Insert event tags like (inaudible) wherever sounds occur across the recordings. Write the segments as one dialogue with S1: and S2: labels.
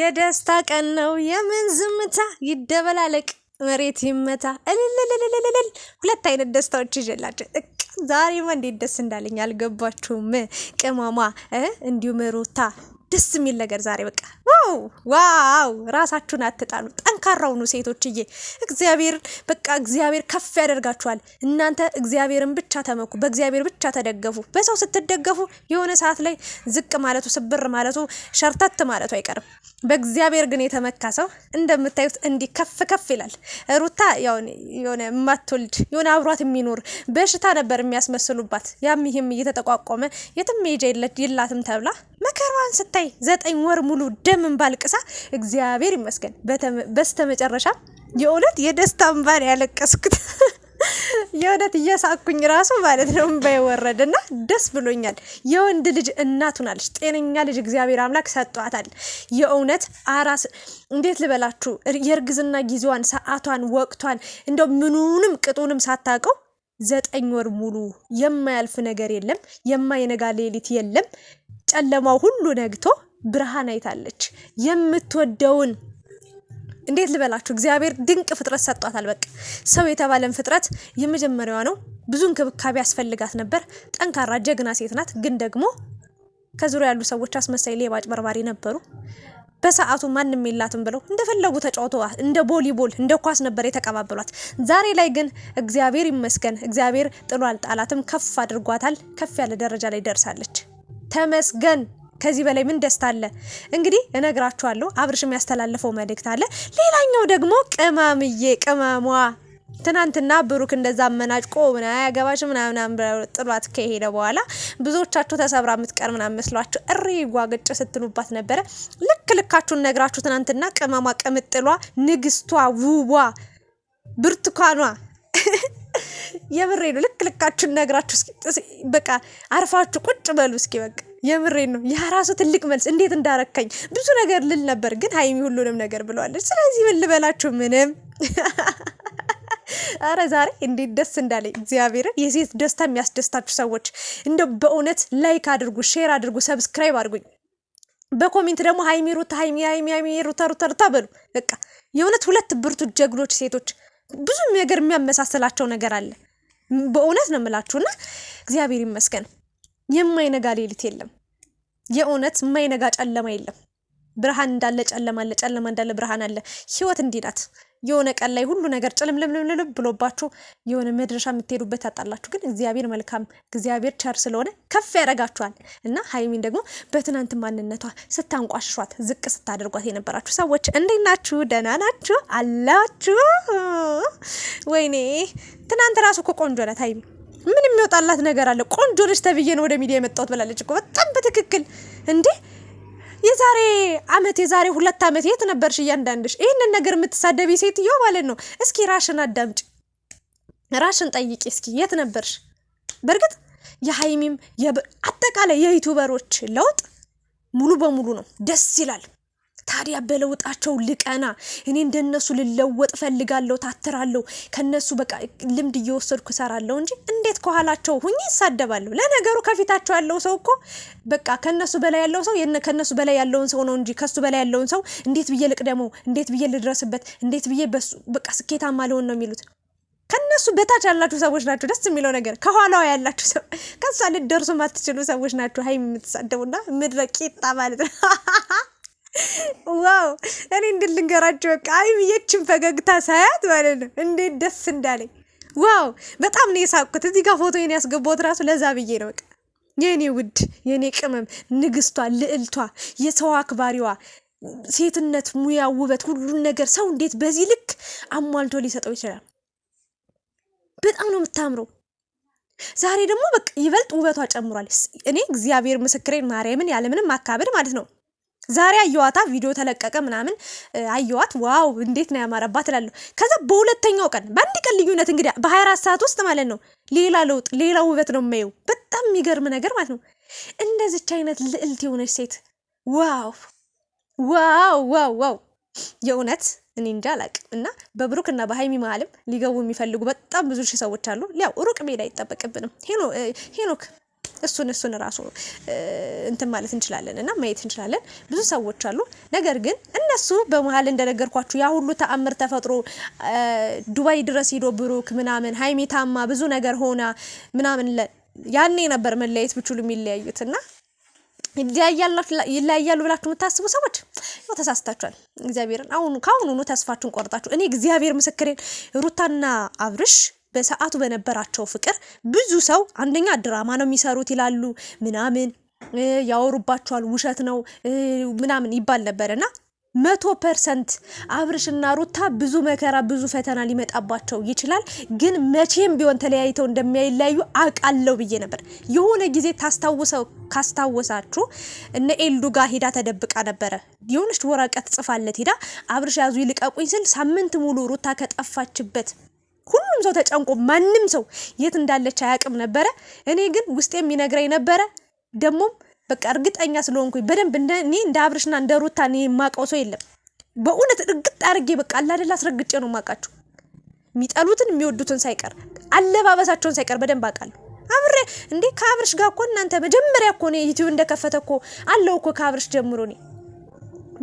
S1: የደስታ ቀን ነው። የምን ዝምታ ይደበላለቅ መሬት ይመታ እልልልልልልል ሁለት አይነት ደስታዎች ይዤላቸው ዛሬማ እንዴት ደስ እንዳለኝ አልገባችሁም? ቅመሟ እንዲሁም ሩታ ደስ የሚል ነገር ዛሬ በቃ ዋው ዋው! ራሳችሁን አትጣሉ፣ ጠንካራ ሁኑ ሴቶችዬ። እግዚአብሔር በቃ እግዚአብሔር ከፍ ያደርጋችኋል። እናንተ እግዚአብሔርን ብቻ ተመኩ፣ በእግዚአብሔር ብቻ ተደገፉ። በሰው ስትደገፉ የሆነ ሰዓት ላይ ዝቅ ማለቱ ስብር ማለቱ ሸርተት ማለቱ አይቀርም። በእግዚአብሔር ግን የተመካ ሰው እንደምታዩት እንዲህ ከፍ ከፍ ይላል። ሩታ የሆነ የማትወልድ የሆነ አብሯት የሚኖር በሽታ ነበር የሚያስመስሉባት። ያም ይህም እየተጠቋቆመ የትም ሄጃ የላትም ተብላ መከራዋን ስታይ ተመሳሳይ ዘጠኝ ወር ሙሉ ደም እንባልቅሳ እግዚአብሔር ይመስገን በስተመጨረሻ የእውነት የደስታ እንባን ያለቀስኩት (laughs) የእውነት እየሳኩኝ ራሱ ማለት ነው እምባ የወረደ እና ደስ ብሎኛል። የወንድ ልጅ እናት ሆናለች። ጤነኛ ልጅ እግዚአብሔር አምላክ ሰጧታል። የእውነት አራስ እንዴት ልበላችሁ፣ የእርግዝና ጊዜዋን፣ ሰዓቷን፣ ወቅቷን እንደው ምኑንም ቅጡንም ሳታውቀው ዘጠኝ ወር ሙሉ የማያልፍ ነገር የለም፣ የማይነጋ ሌሊት የለም። ጨለማው ሁሉ ነግቶ ብርሃን አይታለች። የምትወደውን እንዴት ልበላችሁ፣ እግዚአብሔር ድንቅ ፍጥረት ሰጧታል። በቃ ሰው የተባለን ፍጥረት የመጀመሪያዋ ነው። ብዙ እንክብካቤ ያስፈልጋት ነበር። ጠንካራ ጀግና ሴት ናት። ግን ደግሞ ከዙሪያ ያሉ ሰዎች አስመሳይ፣ ሌባ፣ አጭበርባሪ ነበሩ። በሰዓቱ ማንም የላትም ብለው እንደፈለጉ ተጫውተዋል። እንደ ቦሊቦል እንደ ኳስ ነበር የተቀባበሏት። ዛሬ ላይ ግን እግዚአብሔር ይመስገን፣ እግዚአብሔር ጥሎ አልጣላትም፣ ከፍ አድርጓታል። ከፍ ያለ ደረጃ ላይ ደርሳለች። ተመስገን። ከዚህ በላይ ምን ደስታ አለ? እንግዲህ እነግራችኋለሁ። አብርሽ የሚያስተላልፈው መልእክት አለ። ሌላኛው ደግሞ ቅመምዬ ቅመሟ ትናንትና ብሩክ እንደዛ አመናጭቆ ምና ያገባሽ ምናምናም ጥሏት ከሄደ በኋላ ብዙዎቻችሁ ተሰብራ የምትቀር ምናም መስሏችሁ እሪ ጓግጭ ስትሉባት ነበረ። ልክ ልካችሁን ነግራችሁ ትናንትና ቅመሟ፣ ቅምጥሏ፣ ንግስቷ፣ ውቧ፣ ብርቱካኗ (laughs) የብሬ ነው። ልክ ልካችሁን ነግራችሁ በቃ አርፋችሁ ቁጭ በሉ እስኪ በቃ የምሬን ነው። ያ ራሱ ትልቅ መልስ እንዴት እንዳረካኝ ብዙ ነገር ልል ነበር፣ ግን ሀይሚ ሁሉንም ነገር ብለዋለች። ስለዚህ ምን ልበላችሁ ምንም (laughs) አረ ዛሬ እንዴት ደስ እንዳለኝ እግዚአብሔርን። የሴት ደስታ የሚያስደስታችሁ ሰዎች እንደ በእውነት ላይክ አድርጉ፣ ሼር አድርጉ፣ ሰብስክራይብ አድርጉኝ። በኮሜንት ደግሞ ሀይሚ ሩታ፣ ሀይሚ ሀይሚ ሀይሚ ሩታ ሩታ ሩታ በሉ። በቃ የእውነት ሁለት ብርቱ ጀግኖች ሴቶች ብዙ ነገር የሚያመሳስላቸው ነገር አለ። በእውነት ነው የምላችሁና እግዚአብሔር ይመስገን። የማይነጋ ሌሊት የለም። የእውነት የማይነጋ ጨለማ የለም። ብርሃን እንዳለ ጨለማ አለ፣ ጨለማ እንዳለ ብርሃን አለ። ህይወት እንዲህ ናት። የሆነ ቀን ላይ ሁሉ ነገር ጭልምልምልምልም ብሎባችሁ የሆነ መድረሻ የምትሄዱበት ታጣላችሁ። ግን እግዚአብሔር መልካም፣ እግዚአብሔር ቸር ስለሆነ ከፍ ያደርጋችኋል እና ሀይሚን ደግሞ በትናንት ማንነቷ ስታንቋሽሿት፣ ዝቅ ስታደርጓት የነበራችሁ ሰዎች እንዴት ናችሁ? ደህና ናችሁ አላችሁ? ወይኔ ትናንት ራሱ እኮ ቆንጆ ናት ሀይሚ ምን የሚወጣላት ነገር አለ? ቆንጆ ልጅ ተብዬ ነው ወደ ሚዲያ የመጣሁት ብላለች እኮ በጣም በትክክል እንዴ። የዛሬ አመት የዛሬ ሁለት አመት የት ነበርሽ እያንዳንድሽ? ይህንን ነገር የምትሳደብ ሴትዮ ማለት ነው። እስኪ ራሽን አዳምጭ ራሽን ጠይቂ እስኪ የት ነበርሽ? በእርግጥ የሀይሚም አጠቃላይ የዩቱበሮች ለውጥ ሙሉ በሙሉ ነው፣ ደስ ይላል። ታዲያ በለውጣቸው ልቀና። እኔ እንደነሱ ልለወጥ ፈልጋለሁ፣ ታትራለሁ። ከነሱ በቃ ልምድ እየወሰድኩ እሰራለሁ እንጂ እንዴት ከኋላቸው ሁኝ ይሳደባለሁ? ለነገሩ ከፊታቸው ያለው ሰው እኮ በቃ ከነሱ በላይ ያለው ሰው ከነሱ በላይ ያለውን ሰው ነው እንጂ ከሱ በላይ ያለውን ሰው እንዴት ብዬ ልቅደመው፣ እንዴት ብዬ ልድረስበት፣ እንዴት ብዬ በሱ በቃ ስኬታማ ልሆን ነው የሚሉት። ከነሱ በታች ያላችሁ ሰዎች ናቸው። ደስ የሚለው ነገር ከኋላዋ ያላችሁ ሰው ከሷ ልደርሱ ማትችሉ ሰዎች ናቸው። ሀይ የምትሳደቡና ምድረ ቂጣ ማለት ነው። (laughs) ዋው እኔ እንድል ልንገራቸው በቃ አይ ፈገግታ ሳያት ማለት ነው እንዴት ደስ እንዳለኝ። ዋው በጣም ነው የሳቅኩት። እዚህ ጋር ፎቶዬን ያስገባት ራሱ ለዛ ብዬ ነው። በቃ የእኔ ውድ የእኔ ቅመም ንግስቷ፣ ልዕልቷ፣ የሰው አክባሪዋ፣ ሴትነት፣ ሙያ፣ ውበት፣ ሁሉን ነገር ሰው እንዴት በዚህ ልክ አሟልቶ ሊሰጠው ይችላል? በጣም ነው የምታምረው። ዛሬ ደግሞ በቃ ይበልጥ ውበቷ ጨምሯል። እኔ እግዚአብሔር ምስክሬን ማርያምን ያለምንም ማካበድ ማለት ነው ዛሬ አየዋታ ቪዲዮ ተለቀቀ ምናምን አየዋት፣ ዋው እንዴት ነው ያማረባት እላለሁ። ከዛ በሁለተኛው ቀን በአንድ ቀን ልዩነት እንግዲህ በ24 ሰዓት ውስጥ ማለት ነው ሌላ ለውጥ፣ ሌላ ውበት ነው የማየው። በጣም የሚገርም ነገር ማለት ነው። እንደዚች አይነት ልዕልት የሆነች ሴት ዋው ዋው ዋው ዋው! የእውነት እኔ እንጃ አላቅም። እና በብሩክ እና በሀይሚ መሀልም ሊገቡ የሚፈልጉ በጣም ብዙ ሺህ ሰዎች አሉ። ያው ሩቅ ሜዳ አይጠበቅብንም ሄኖክ እሱን እሱን ራሱ እንትን ማለት እንችላለን እና ማየት እንችላለን። ብዙ ሰዎች አሉ። ነገር ግን እነሱ በመሀል እንደነገርኳችሁ ያ ሁሉ ተአምር ተፈጥሮ ዱባይ ድረስ ሂዶ ብሩክ ምናምን ሀይሚ ብዙ ነገር ሆና ምናምን ያኔ ነበር መለያየት ብችሉ የሚለያዩት እና ይለያያሉ ብላችሁ የምታስቡ ሰዎች ያው ተሳስታችኋል። እግዚአብሔርን አሁኑ ከአሁኑኑ ተስፋችሁን ቆርጣችሁ እኔ እግዚአብሔር ምስክሬን ሩታና አብርሽ በሰዓቱ በነበራቸው ፍቅር ብዙ ሰው አንደኛ ድራማ ነው የሚሰሩት ይላሉ ምናምን ያወሩባቸዋል፣ ውሸት ነው ምናምን ይባል ነበር እና መቶ ፐርሰንት አብርሽና ሩታ ብዙ መከራ ብዙ ፈተና ሊመጣባቸው ይችላል። ግን መቼም ቢሆን ተለያይተው እንደማይለያዩ አውቃለሁ ብዬ ነበር። የሆነ ጊዜ ታስታውሰው ካስታወሳችሁ እነ ኤልዱ ጋር ሄዳ ተደብቃ ነበረ። የሆነች ወረቀት ጽፋለት ሄዳ አብርሽ ያዙ ይልቀቁኝ ስል ሳምንት ሙሉ ሩታ ከጠፋችበት ሁሉም ሰው ተጨንቆ ማንም ሰው የት እንዳለች አያውቅም ነበረ። እኔ ግን ውስጤ የሚነግረኝ ነበረ። ደግሞም በቃ እርግጠኛ ስለሆንኩኝ በደንብ እኔ እንደ አብርሽና እንደ ሩታ እኔ የማውቀው ሰው የለም። በእውነት እርግጥ አድርጌ በቃ አላደላ አስረግጬ ነው የማውቃቸው የሚጠሉትን የሚወዱትን ሳይቀር አለባበሳቸውን ሳይቀር በደንብ አውቃለሁ። አብሬ እንዴ ከአብርሽ ጋር እኮ እናንተ መጀመሪያ እኮ እኔ ዩቲዩብ እንደከፈተ እኮ አለው እኮ ከአብርሽ ጀምሮ እኔ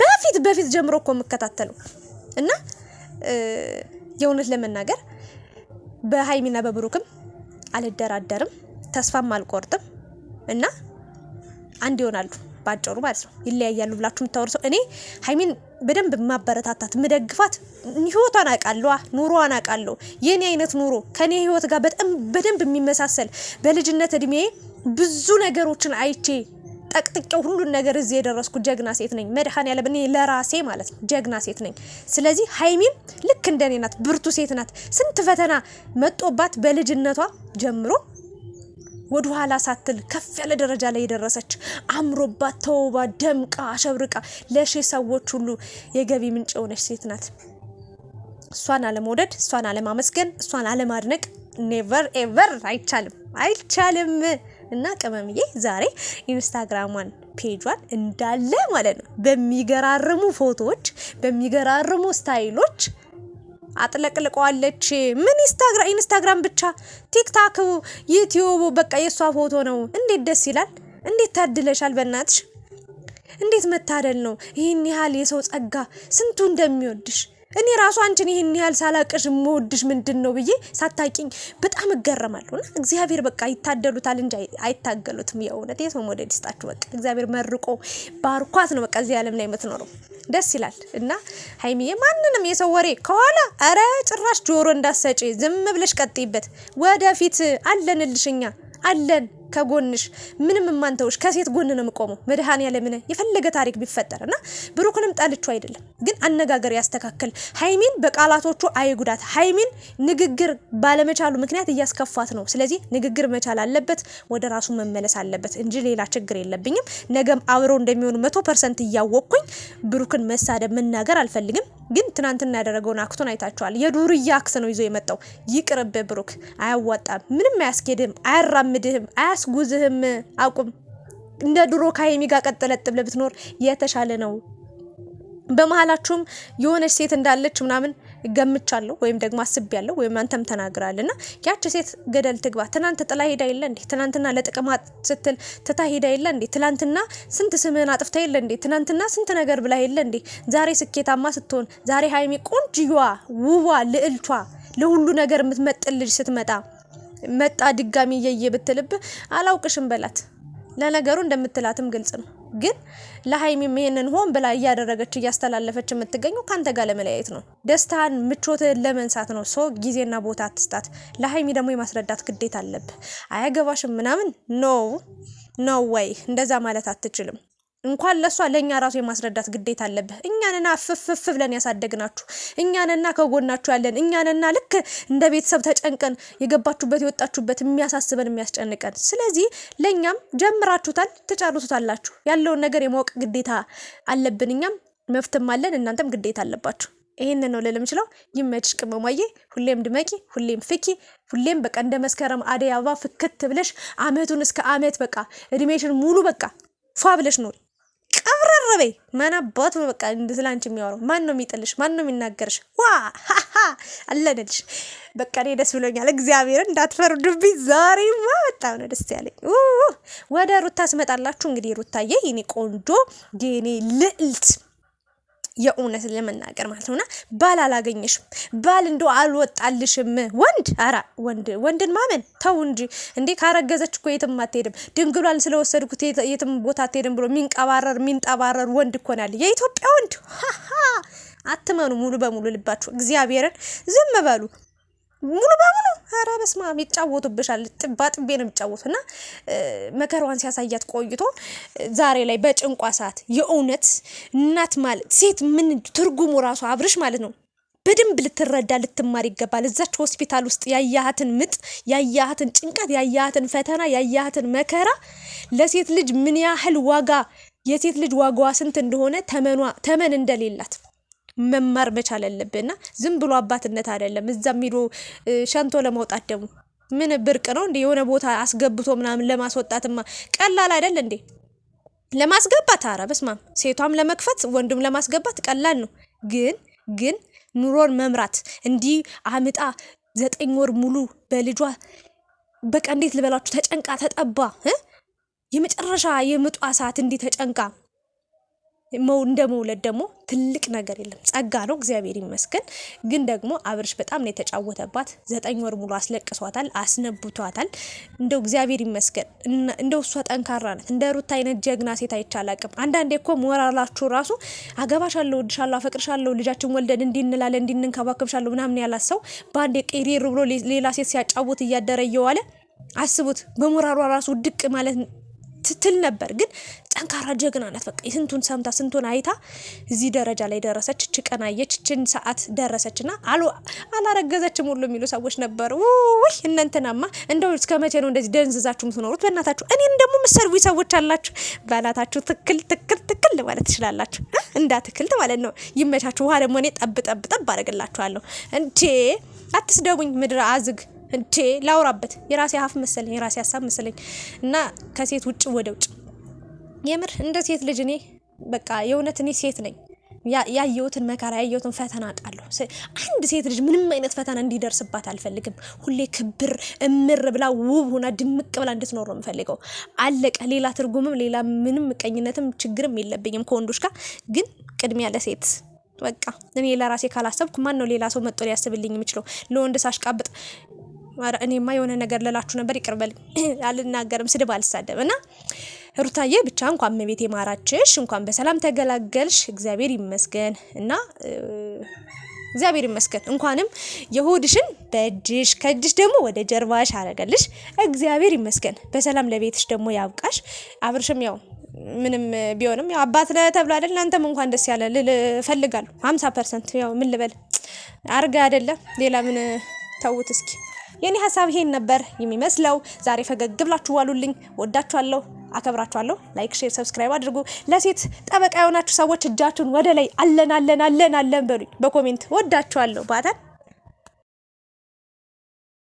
S1: በፊት በፊት ጀምሮ እኮ የምከታተለው እና የእውነት ለመናገር በሀይሚና በብሩክም አልደራደርም፣ ተስፋም አልቆርጥም እና አንድ ይሆናሉ ባጭሩ ማለት ነው። ይለያያሉ ብላችሁ የምታወርሰው እኔ ሀይሚን በደንብ የማበረታታት የምደግፋት ህይወቷን አውቃለዋ፣ ኑሮዋን አውቃለሁ። የእኔ አይነት ኑሮ ከኔ ህይወት ጋር በጣም በደንብ የሚመሳሰል በልጅነት እድሜ ብዙ ነገሮችን አይቼ ጠቅጥቄው ሁሉን ነገር እዚህ የደረስኩ ጀግና ሴት ነኝ። መድኃኔዓለም እኔ ለራሴ ማለት ነው ጀግና ሴት ነኝ። ስለዚህ ሀይሚም ልክ እንደኔ ናት፣ ብርቱ ሴት ናት። ስንት ፈተና መጦባት በልጅነቷ ጀምሮ ወደኋላ ሳትል ከፍ ያለ ደረጃ ላይ የደረሰች አምሮባት ተውባ ደምቃ አሸብርቃ ለሺ ሰዎች ሁሉ የገቢ ምንጭ የሆነች ሴት ናት። እሷን አለመውደድ፣ እሷን አለማመስገን፣ እሷን አለማድነቅ ኔቨር ኤቨር አይቻልም፣ አይቻልም። እና ቅመምዬ ዛሬ ኢንስታግራሟን ፔጇን እንዳለ ማለት ነው በሚገራርሙ ፎቶዎች በሚገራርሙ ስታይሎች አጥለቅልቀዋለች። ምን ኢንስታግራም ብቻ ቲክታክ፣ ዩቲዩብ በቃ የእሷ ፎቶ ነው። እንዴት ደስ ይላል! እንዴት ታድለሻል! በእናትሽ እንዴት መታደል ነው! ይህን ያህል የሰው ጸጋ ስንቱ እንደሚወድሽ እኔ ራሱ አንቺን ይህን ያህል ሳላቅሽ የምወድሽ ምንድን ነው ብዬ ሳታቂኝ በጣም እገረማለሁ። እና እግዚአብሔር በቃ ይታደሉታል እንጂ አይታገሉትም። የእውነት የሰው መውደድ ይስጣችሁ። በቃ እግዚአብሔር መርቆ ባርኳት ነው በቃ እዚህ ዓለም ላይ የምትኖረው ደስ ይላል። እና ሀይሚዬ ማንንም የሰው ወሬ ከኋላ ኧረ ጭራሽ ጆሮ እንዳሰጪ ዝም ብለሽ ቀጥይበት። ወደፊት አለንልሽኛ አለን ከጎንሽ ምንም የማንተውሽ ከሴት ጎን ነው የምቆመው። መድሃን ያለምን የፈለገ ታሪክ ቢፈጠር እና ብሩክንም ጠልቹ አይደለም ግን አነጋገር ያስተካክል። ሀይሚን በቃላቶቹ አይጉዳት። ሀይሚን ንግግር ባለመቻሉ ምክንያት እያስከፋት ነው። ስለዚህ ንግግር መቻል አለበት፣ ወደ ራሱ መመለስ አለበት እንጂ ሌላ ችግር የለብኝም። ነገም አብረው እንደሚሆኑ መቶ ፐርሰንት እያወቅኩኝ ብሩክን መሳደብ መናገር አልፈልግም። ግን ትናንትና ያደረገውን አክቱን አይታችኋል። የዱርያ አክት ነው ይዞ የመጣው። ይቅርብ ብሩክ፣ አያዋጣም፣ ምንም አያስኬድህም፣ አያራምድህም፣ አያስጉዝህም። አቁም። እንደ ድሮ ከሀይሚ ጋር ቀጠለጥ ብለህ ብትኖር የተሻለ ነው። በመሀላችሁም የሆነች ሴት እንዳለች ምናምን ገምቻለሁ ወይም ደግሞ አስቤያለሁ ወይም አንተም ተናግራል እና ያች ሴት ገደል ትግባ። ትናንት ጥላ ሄዳ የለ እንዴ? ትናንትና ለጥቅማ ስትል ትታ ሄዳ የለ እንዴ? ትናንትና ስንት ስምህን አጥፍታ የለ እንዴ? ትናንትና ስንት ነገር ብላ የለ እንዴ? ዛሬ ስኬታማ ስትሆን፣ ዛሬ ሀይሚ ቆንጅዋ፣ ውቧ፣ ልዕልቷ፣ ለሁሉ ነገር የምትመጥን ልጅ ስትመጣ መጣ ድጋሚ እየየ ብትልብ አላውቅሽም በላት። ለነገሩ እንደምትላትም ግልጽ ነው። ግን ለሀይሚም ይሄንን ሆን ብላ እያደረገች እያስተላለፈች የምትገኘው ከአንተ ጋር ለመለያየት ነው፣ ደስታን ምቾትን ለመንሳት ነው። ሰው ጊዜና ቦታ አትስጣት። ለሀይሚ ደግሞ የማስረዳት ግዴታ አለብህ። አያገባሽም ምናምን ኖ ኖ ወይ እንደዛ ማለት አትችልም። እንኳን ለእሷ ለእኛ ራሱ የማስረዳት ግዴታ አለብህ። እኛንና ፍፍፍ ብለን ያሳደግናችሁ እኛንና ከጎናችሁ ያለን እኛንና ልክ እንደ ቤተሰብ ተጨንቀን የገባችሁበት የወጣችሁበት የሚያሳስበን የሚያስጨንቀን። ስለዚህ ለእኛም ጀምራችሁታል፣ ትጨርሱታላችሁ። ያለውን ነገር የማወቅ ግዴታ አለብን። እኛም መፍትም አለን፣ እናንተም ግዴታ አለባችሁ። ይህንን ነው ልል የምችለው። ይመችሽ ቅመማዬ፣ ሁሌም ድመቂ፣ ሁሌም ፍኪ፣ ሁሌም በቃ እንደ መስከረም አደይ አበባ ፍክት ብለሽ አመቱን እስከ አመት በቃ እድሜሽን ሙሉ በቃ ፏ ብለሽ ኖሪ። ቅር በይ። ማናባቱ በቃ ስለ አንቺ የሚያወራው ማን ነው? የሚጥልሽ ማን ነው የሚናገርሽ? ዋ አለንልሽ። በቃ እኔ ደስ ብሎኛል። እግዚአብሔርን እንዳትፈርዱብኝ ዛሬማ በጣም ነው ደስ ያለኝ። ወደ ሩታ ስመጣላችሁ እንግዲህ ሩታዬ የኔ ቆንጆ የኔ ልዕልት የእውነት ለመናገር ማለት ነውና ባል አላገኘሽም፣ ባል እንደ አልወጣልሽም። ወንድ አራ ወንድ ወንድን ማመን ተው እንጂ እንዴ! ካረገዘች እኮ የትም አትሄድም። ድንግሏን ስለወሰድኩት የትም ቦታ አትሄድም ብሎ የሚንቀባረር የሚንጠባረር ወንድ እኮ ነው ያለ የኢትዮጵያ ወንድ። አትመኑ ሙሉ በሙሉ ልባችሁ እግዚአብሔርን። ዝም በሉ። ሙሉ በሙሉ ኧረ በስመ አብ ይጫወቱብሻል። ጥባ ጥቤ ነው የሚጫወቱ እና መከራዋን ሲያሳያት ቆይቶ ዛሬ ላይ በጭንቋ ሰዓት የእውነት እናት ማለት ሴት ምን ትርጉሙ ራሱ አብርሽ ማለት ነው በደንብ ልትረዳ ልትማር ይገባል። እዛች ሆስፒታል ውስጥ ያያሃትን ምጥ፣ ያያሃትን ጭንቀት፣ ያያሃትን ፈተና፣ ያያሃትን መከራ ለሴት ልጅ ምን ያህል ዋጋ የሴት ልጅ ዋጋዋ ስንት እንደሆነ ተመኗ ተመን እንደሌላት መማር መቻል አለብህ ዝም ብሎ አባትነት አይደለም። እዛ ሄዶ ሸንቶ ለመውጣት ደግሞ ምን ብርቅ ነው እንዴ? የሆነ ቦታ አስገብቶ ምናምን ለማስወጣትማ ቀላል አይደል እንዴ? ለማስገባት አረ በስማም፣ ሴቷም ለመክፈት ወንዱም ለማስገባት ቀላል ነው። ግን ግን ኑሮን መምራት እንዲህ አምጣ ዘጠኝ ወር ሙሉ በልጇ በቃ እንዴት ልበላችሁ ተጨንቃ ተጠባ የመጨረሻ የምጧ ሰዓት እንዲህ ተጨንቃ እንደ መውለድ ደግሞ ትልቅ ነገር የለም፣ ጸጋ ነው። እግዚአብሔር ይመስገን። ግን ደግሞ አብርሽ በጣም ነው የተጫወተባት። ዘጠኝ ወር ሙሉ አስለቅሷታል፣ አስነብቷታል። እንደው እግዚአብሔር ይመስገን። እንደው እሷ ጠንካራ ናት። እንደ ሩት አይነት ጀግና ሴት አይቻል አቅም። አንዳንዴ እኮ ሞራላችሁ ራሱ አገባሻለሁ፣ ወድሻለሁ፣ አፈቅርሻለሁ፣ ልጃችን ወልደን እንዲንላለን እንዲንንከባከብሻለሁ ምናምን ያላት ሰው በአንዴ ቄሪር ብሎ ሌላ ሴት ሲያጫውት እያደረ እየዋለ አስቡት። በሞራሯ ራሱ ድቅ ማለት ትትል ነበር ግን ጠንካራ ጀግና ናት። በቃ ስንቱን ሰምታ ስንቱን አይታ እዚህ ደረጃ ላይ ደረሰች። ችቀና የችችን ሰዓት ደረሰች ና አላረገዘችም ሁሉ የሚሉ ሰዎች ነበሩ። ውይ እነንትናማ እንደው እስከ መቼ ነው እንደዚህ ደንዝዛችሁ ምትኖሩት? በእናታችሁ እኔን ደግሞ ምሰርዊ ሰዎች አላችሁ። በእናታችሁ ትክል ትክል ትክል ማለት ትችላላችሁ። እንዳ ትክልት ማለት ነው። ይመቻችሁ። ውሃ ደግሞ እኔ ጠብ ጠብ ጠብ አደርግላችኋለሁ። አትስደቡኝ፣ ምድረ አዝግ እንዴ ላውራበት የራሴ ሀፍ መሰለኝ የራሴ ሀሳብ መሰለኝ እና ከሴት ውጭ ወደ ውጭ የምር እንደ ሴት ልጅ እኔ በቃ የእውነት እኔ ሴት ነኝ ያየሁትን መከራ ያየሁትን ፈተና አውቃለሁ። አንድ ሴት ልጅ ምንም አይነት ፈተና እንዲደርስባት አልፈልግም። ሁሌ ክብር እምር ብላ ውብ ሆና ድምቅ ብላ እንድትኖር ነው የምፈልገው። አለቀ። ሌላ ትርጉምም ሌላ ምንም ምቀኝነትም ችግርም የለብኝም ከወንዶች ጋር ግን ቅድሚያ ለሴት በቃ እኔ ለራሴ ካላሰብኩ ማን ነው ሌላ ሰው መጦ ሊያስብልኝ የሚችለው? ለወንድ ሳሽቃብጥ እኔማ የሆነ ነገር ልላችሁ ነበር፣ ይቅርበልኝ፣ (clears throat) አልናገርም፣ ስድብ አልሳደብ እና ሩታዬ ብቻ እንኳን መቤት የማራችሽ እንኳን በሰላም ተገላገልሽ፣ እግዚአብሔር ይመስገን እና እግዚአብሔር ይመስገን እንኳንም የሆድሽን በእጅሽ ከእጅሽ ደግሞ ወደ ጀርባሽ አረገልሽ፣ እግዚአብሔር ይመስገን። በሰላም ለቤትሽ ደግሞ ያብቃሽ። አብርሽም ያው ምንም ቢሆንም ያው አባት ነህ ተብሎ አይደል እናንተም እንኳን ደስ ያለ ልል እፈልጋለሁ። ሀምሳ ፐርሰንት ያው ምን ልበል አርገ አይደለም ሌላ ምን ተውት እስኪ የኔ ሀሳብ ይሄን ነበር የሚመስለው። ዛሬ ፈገግ ብላችሁ ዋሉልኝ። ወዳችኋለሁ፣ አከብራችኋለሁ። ላይክ፣ ሼር፣ ሰብስክራይብ አድርጉ። ለሴት ጠበቃ የሆናችሁ ሰዎች እጃችሁን ወደ ላይ አለን አለን አለን አለን በሉኝ በኮሜንት ወዳችኋለሁ ባታን